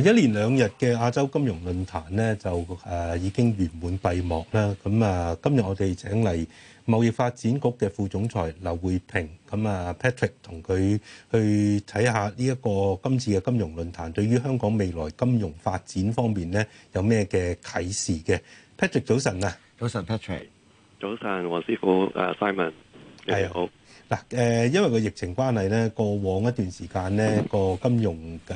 一連兩日嘅亞洲金融論壇咧，就誒、啊、已經圓滿閉幕啦。咁啊，今日我哋請嚟貿易發展局嘅副總裁劉會平咁啊 Patrick 同佢去睇下呢一個今次嘅金融論壇，對於香港未來金融發展方面咧，有咩嘅啟示嘅？Patrick 早晨啊，早晨 Patrick，早晨黃師傅，誒 Simon，係，你好。嗱，誒，因為個疫情關係咧，過往一段時間咧，個金融嘅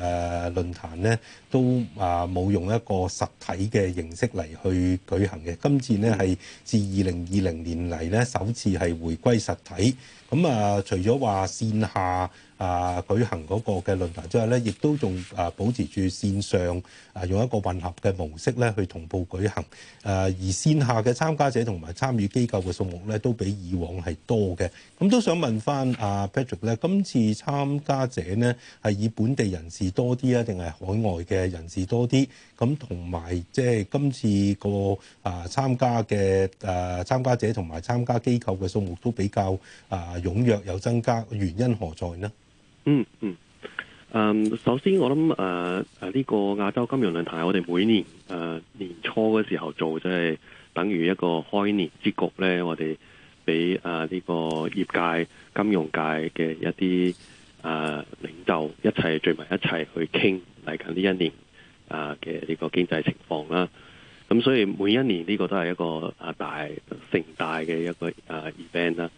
論壇咧都啊冇用一個實體嘅形式嚟去舉行嘅。今次咧係自二零二零年嚟咧，首次係回歸實體。咁啊，除咗話線下，啊，舉行嗰個嘅論壇之後咧，亦、就是、都仲啊保持住線上啊，用一個混合嘅模式咧去同步舉行。誒、啊、而線下嘅參加者同埋參與機構嘅數目咧，都比以往係多嘅。咁、嗯、都想問翻阿 Patrick 咧，今次參加者呢係以本地人士多啲啊，定係海外嘅人士多啲？咁同埋即係今次個啊參加嘅誒、啊、參加者同埋參加機構嘅數目都比較啊踴躍有增加，原因何在呢？嗯嗯，嗯，首先我諗誒誒呢個亞洲金融論壇，我哋每年誒、啊、年初嘅時候做，即、就、係、是、等於一個開年之局咧。我哋俾誒呢個業界、金融界嘅一啲誒、啊、領袖一，一齊聚埋一齊去傾嚟緊呢一年啊嘅呢個經濟情況啦。咁、啊、所以每一年呢個都係一個啊大盛大嘅一個誒、啊、event 啦。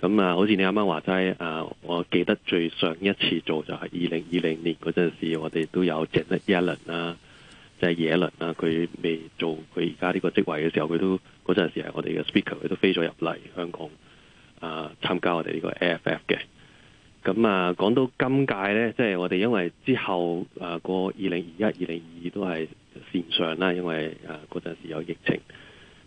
咁啊、嗯，好似你啱啱話齋啊，我記得最上一次做就係二零二零年嗰陣時，我哋都有整得一輪啦，即係耶倫啦。佢未做佢而家呢個職位嘅時候，佢都嗰陣時係我哋嘅 speaker，佢都飛咗入嚟香港啊，參加我哋呢個 AFF 嘅。咁、嗯、啊，講到今屆呢，即係我哋因為之後啊，嗰二零二一、二零二二都係綫上啦，因為啊嗰陣時有疫情。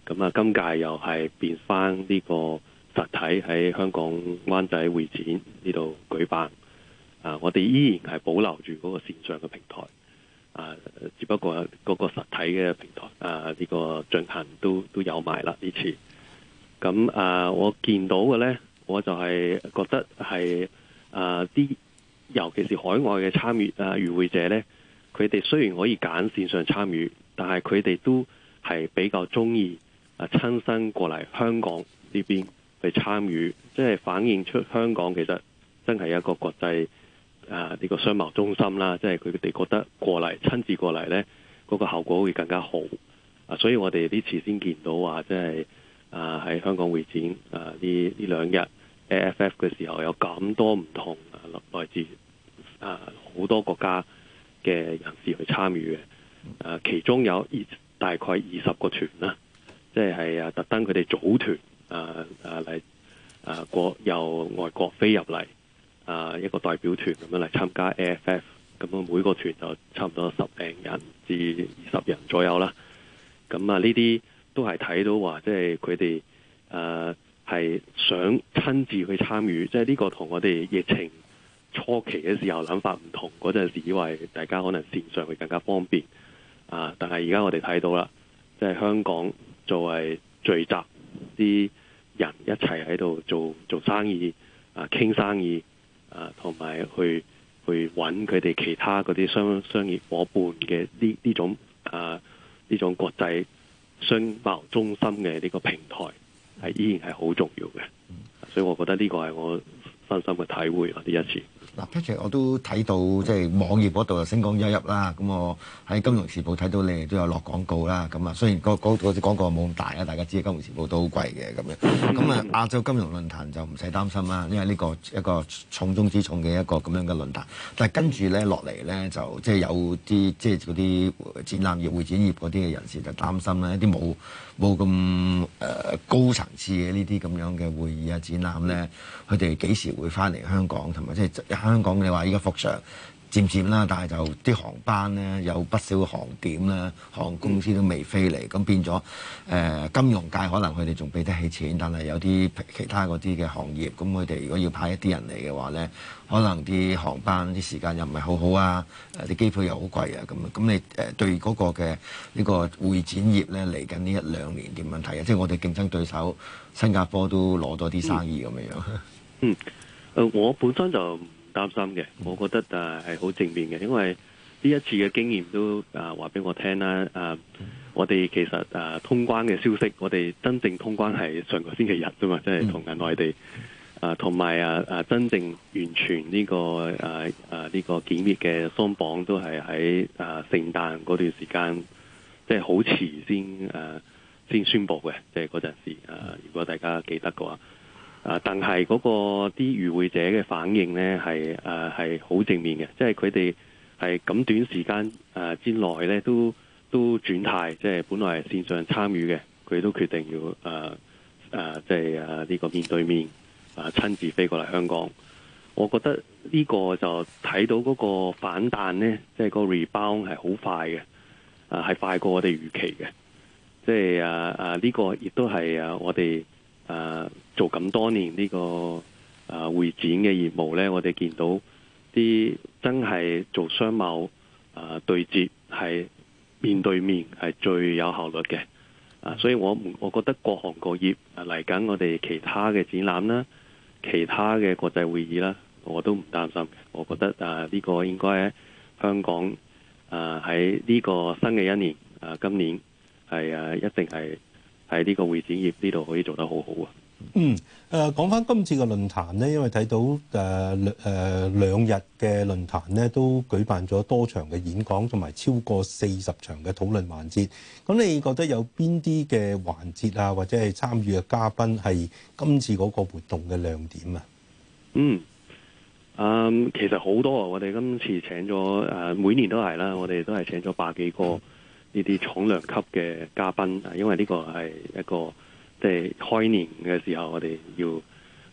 咁、嗯、啊，今屆又係變翻呢、這個。實體喺香港灣仔會展呢度舉辦，啊，我哋依然係保留住嗰個線上嘅平台，啊，只不過嗰個實體嘅平台啊，呢個進行都都有埋啦呢次。咁啊，我見到嘅呢，我就係覺得係啊啲，尤其是海外嘅參與啊與會者呢，佢哋雖然可以揀線上參與，但係佢哋都係比較中意啊親身過嚟香港呢邊。去參與，即係反映出香港其實真係一個國際啊呢、呢個商貿中心啦，啊，即係佢哋覺得過嚟親自過嚟呢，嗰、嗰個效果會更加好啊！所以我哋呢次先見到話，啊，即係啊喺香港會展啊呢呢兩日 AFF 嘅時候有咁多唔同，啊，來自啊好多國家嘅人士去參與嘅，啊，其中有二大概二十個團啦，啊，即係啊特登佢哋組團。啊啊嚟啊，過、啊、由外國飛入嚟啊，一個代表團咁樣嚟參加 AFF，咁樣每個團就差唔多十零人至二十人左右啦。咁啊，呢啲都係睇到話，即係佢哋誒係想親自去參與，即係呢個同我哋疫情初期嘅時候諗法唔同。嗰陣時以為大家可能線上會更加方便啊，但係而家我哋睇到啦，即係香港作為聚集啲。人一齊喺度做做生意啊，傾生意啊，同埋去去揾佢哋其他嗰啲商商業伙伴嘅呢呢種，啊呢種國際商貿中心嘅呢個平台，係、啊、依然係好重要嘅，所以我覺得呢個係我。翻新去體會啊！呢一次嗱 p a t r 我都睇到即係網頁嗰度又升講一入啦。咁我喺《金融時報》睇到你哋都有落廣告啦。咁啊，雖然、那個、那個嗰啲廣告冇咁大啊，大家知《金融時報都貴》都好貴嘅咁樣。咁啊，亞洲金融論壇就唔使擔心啦，因為呢、這個一個重中之重嘅一個咁樣嘅論壇。但係跟住咧落嚟咧，就即係有啲即係嗰啲展覽業會展業嗰啲嘅人士就擔心啦。一啲冇冇咁誒高層次嘅呢啲咁樣嘅會議啊展覽咧，佢哋幾時？會翻嚟香港，同埋即係香港。你話依家復常，漸漸啦，但係就啲航班呢，有不少航點啦，航空公司都未飛嚟，咁變咗誒金融界可能佢哋仲俾得起錢，但係有啲其他嗰啲嘅行業，咁佢哋如果要派一啲人嚟嘅話呢，可能啲航班啲時間又唔係好好啊，啲機票又好貴啊，咁咁你誒對嗰個嘅呢個會展業呢，嚟緊呢一兩年點樣睇啊？即係我哋競爭對手新加坡都攞咗啲生意咁樣樣。誒、呃，我本身就唔擔心嘅，我覺得誒係好正面嘅，因為呢一次嘅經驗都誒話俾我聽啦。誒、啊，我哋其實誒、啊、通關嘅消息，我哋真正通關係上個星期日啫嘛，即係同緊內地。誒、啊，同埋誒誒真正完全呢、這個誒誒呢個檢疫嘅鬆綁都係喺誒聖誕嗰段時間，即係好遲先誒、啊、先宣布嘅，即係嗰陣時。誒、啊，如果大家記得嘅話。啊！但係嗰個啲與會者嘅反應呢係誒係好正面嘅，即係佢哋係咁短時間誒之內呢都都轉態，即係本來線上參與嘅，佢都決定要誒誒，即係呢個面對面啊，親自飛過嚟香港。我覺得呢個就睇到嗰個反彈呢，即係個 rebound 係好快嘅，啊係快過我哋預期嘅，即係啊啊呢個亦都係啊我哋。誒，做咁多年呢個誒會展嘅業務呢，我哋見到啲真係做商貿誒對接係面對面係最有效率嘅，所以我唔我覺得各行各業嚟緊我哋其他嘅展覽啦、其他嘅國際會議啦，我都唔擔心。我覺得誒呢個應該喺香港誒喺呢個新嘅一年誒今年係誒一定係。喺呢個會展業呢度可以做得好好啊！嗯，誒、呃，講翻今次嘅論壇呢，因為睇到誒誒兩日嘅論壇呢都舉辦咗多場嘅演講，同埋超過四十場嘅討論環節。咁你覺得有邊啲嘅環節啊，或者係參與嘅嘉賓係今次嗰個活動嘅亮點啊？嗯，誒、呃，其實好多啊！我哋今次請咗誒、呃，每年都係啦，我哋都係請咗百幾個。呢啲重量級嘅嘉賓，啊，因為呢個係一個即係開年嘅時候，我哋要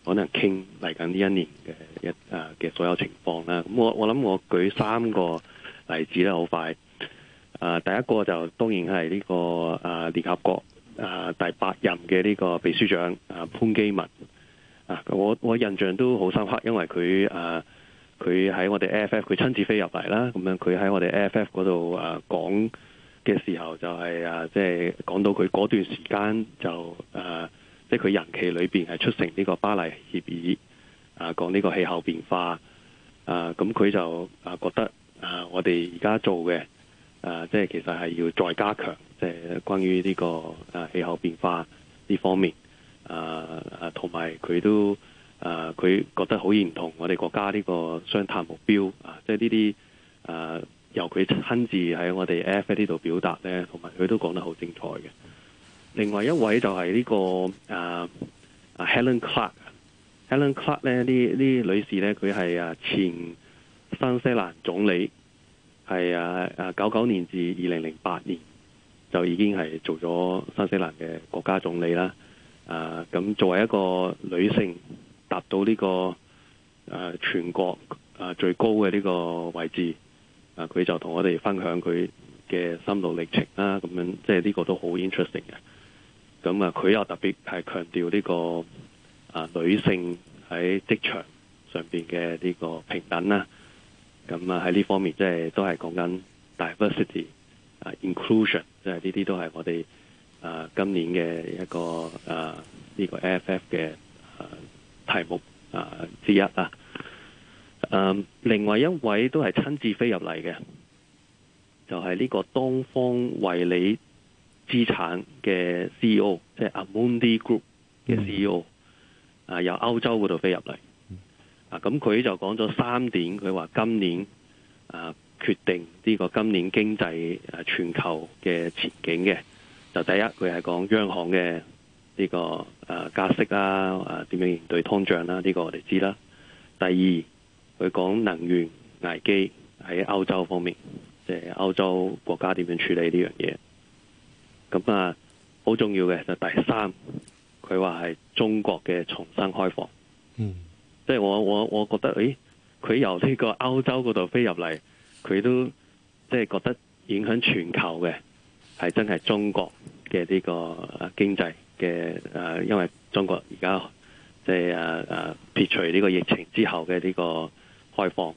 可能傾嚟緊呢一年嘅一啊嘅所有情況啦。咁我我諗我舉三個例子啦，好快。啊，第一個就當然係呢個啊聯合國啊第八任嘅呢個秘書長啊潘基文啊，我我印象都好深刻，因為佢啊佢喺我哋 AFF 佢親自飛入嚟啦，咁樣佢喺我哋 AFF 嗰度啊講。嘅時候就係、是、啊，即、就、係、是、講到佢嗰段時間就啊，即係佢任期裏邊係促成呢個巴黎協議啊，講呢個氣候變化啊，咁佢就啊覺得啊，我哋而家做嘅啊，即係其實係要再加強，即、就、係、是、關於呢、這個啊氣候變化呢方面啊啊，同埋佢都啊，佢覺得好認同我哋國家呢個雙碳目標啊，即係呢啲啊。由佢親自喺我哋 AFF 呢度表達呢，同埋佢都講得好精彩嘅。另外一位就係、呢個 uh, 呢個啊 Helen Clark，Helen Clark 咧，呢呢女士呢佢係啊前新西蘭總理，係啊啊九九年至二零零八年就已經係做咗新西蘭嘅國家總理啦。啊，咁作為一個女性，達到呢、呢個誒、uh, 全國誒最高嘅呢個位置。啊！佢就同我哋分享佢嘅心路歷程啦，咁、啊、樣即係呢個都好 interesting 嘅。咁啊，佢又特別係強調呢、呢個啊女性喺職場上邊嘅呢個平等啦。咁啊喺呢方面、即係，即係都係講緊 diversity 啊，inclusion，即係呢啲都係我哋啊今年嘅一個啊呢、呢個 AFF 嘅、啊、題目啊之一啊。嗯，um, 另外一位都係親自飛入嚟嘅，就係、是、呢個東方匯理資產嘅 CEO，即係 Amundi Group 嘅 CEO，啊、由歐洲嗰度飛入嚟。啊，咁佢就講咗三點，佢話今年啊，決定呢個今年經濟、啊、全球嘅前景嘅，就第一佢係講央行嘅呢、這個誒、啊、加息啊，誒、啊、點樣應對通脹啦、啊，呢、這個我哋知啦。第二。佢講能源危機喺歐洲方面，即係歐洲國家點樣處理呢樣嘢？咁啊，好重要嘅就第三，佢話係中國嘅重新開放。嗯，即係我我我覺得，誒，佢由呢個歐洲嗰度飛入嚟，佢都即係覺得影響全球嘅，係真係中國嘅呢個經濟嘅誒，因為中國而家即係誒誒撇除呢個疫情之後嘅呢個。開放，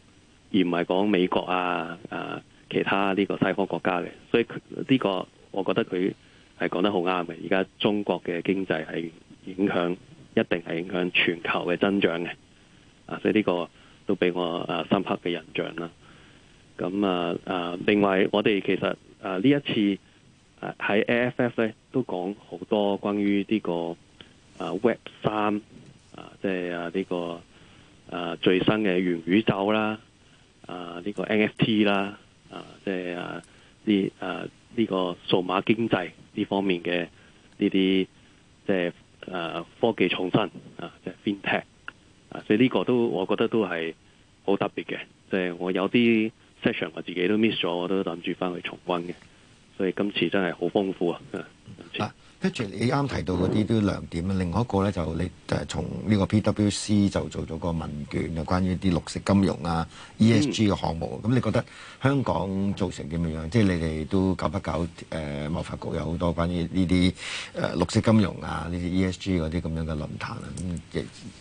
而唔係講美國啊啊其他呢個西方國家嘅，所以呢個我覺得佢係講得好啱嘅。而家中國嘅經濟係影響，一定係影響全球嘅增長嘅。啊，所以呢個都俾我啊深刻嘅印象啦。咁啊啊，另外我哋其實啊呢一次喺 AFF 咧都講好多關於呢個啊 Web 3啊，即係啊呢個。啊，最新嘅元宇宙啦，啊呢個 NFT 啦，啊即係啊啲啊呢個數碼經濟呢方面嘅呢啲即係啊科技創新啊即係 FinTech 啊，所以呢個都我覺得都係好特別嘅，即係我有啲 session 我自己都 miss 咗，我都諗住翻去重温嘅，所以今次真係好豐富啊，今次。跟住你啱提到嗰啲都亮點啊，另外一個咧就你誒從呢個 P W C 就做咗個問卷就關於啲綠色金融啊 E S G 嘅項目。咁你覺得香港做成點樣樣？即係你哋都搞不搞誒？貿發局有好多關於呢啲誒綠色金融啊，呢啲 E S G 嗰啲咁樣嘅論壇啊。咁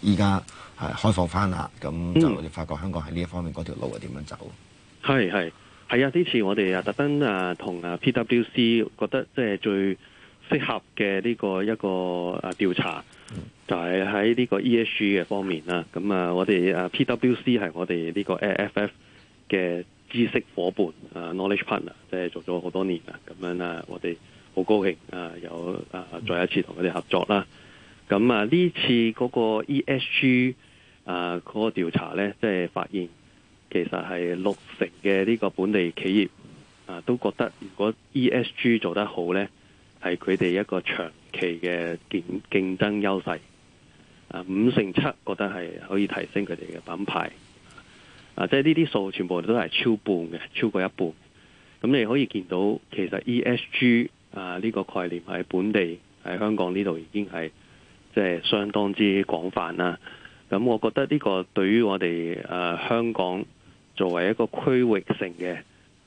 亦依家係開放返啦，咁就你哋發覺香港喺呢一方面嗰條路係點樣走？係係係啊！呢次我哋啊特登啊同啊 P W C 覺得即係最適合嘅呢個一個啊調查，就係喺呢個 ESG 嘅方面啦。咁啊，我哋啊 PWC 係我哋呢個 AFF 嘅知識夥伴啊 ，Knowledge Partner，即係做咗好多年啦。咁樣啊，我哋好高興啊，有啊再一次同佢哋合作啦。咁啊，呢次嗰個 ESG 啊嗰個調查呢，即係發現其實係六成嘅呢個本地企業啊，都覺得如果 ESG 做得好呢。係佢哋一個長期嘅競競爭優勢，啊，五成七覺得係可以提升佢哋嘅品牌。啊、即係呢啲數全部都係超半嘅，超過一半。咁你可以見到，其實 ESG 啊呢、呢個概念喺本地喺香港呢度已經係即係相當之廣泛啦。咁我覺得呢個對於我哋誒、啊、香港作為一個區域性嘅誒、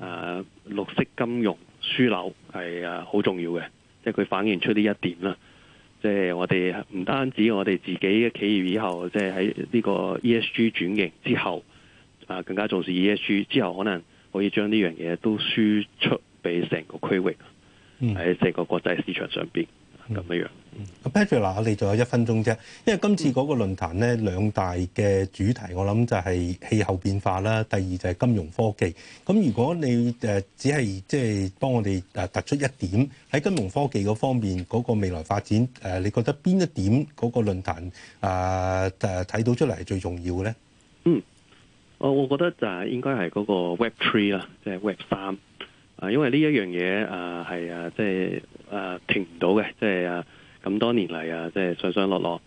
啊、綠色金融樞紐係啊好重要嘅。即係佢反映出呢一點啦，即係我哋唔單止我哋自己嘅企業，以後即係喺呢個 ESG 轉型之後，啊更加重視 ESG 之後，可能可以將呢樣嘢都輸出俾成個區域，喺成個國際市場上邊。咁、嗯、樣，Patricia，我哋仲有一分鐘啫，因為今次嗰個論壇咧，兩大嘅主題，我諗就係氣候變化啦，第二就係金融科技。咁如果你誒、呃、只係即係幫我哋誒突出一點喺金融科技嗰方面嗰、嗰個未來發展，誒、啊，你覺得邊一點嗰個論壇啊睇、啊、到出嚟係最重要嘅咧？嗯，我我覺得就係應該係嗰個 Web Three 啦，即係 Web 三啊，因為呢一樣嘢啊係、就係、啊即係。就係誒、呃、停唔到嘅，即係啊咁多年嚟啊，即係上上落落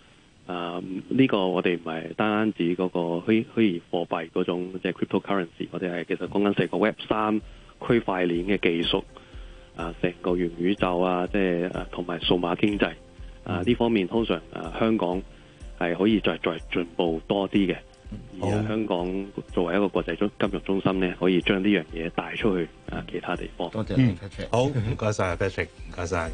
啊，呢個我哋唔係單單指嗰個虛虛擬貨幣嗰種，即係 cryptocurrency，我哋係其實講緊成個 Web 三區塊鏈嘅技術啊，成個元宇宙啊，即係誒同埋數碼經濟啊，呢方面通常誒、啊、香港係可以再再進步多啲嘅。而香港作為一個國際中金融中心咧，可以將呢樣嘢帶出去啊，其他地方。多謝，嗯、好，唔該晒！啊，Patrick，唔該晒！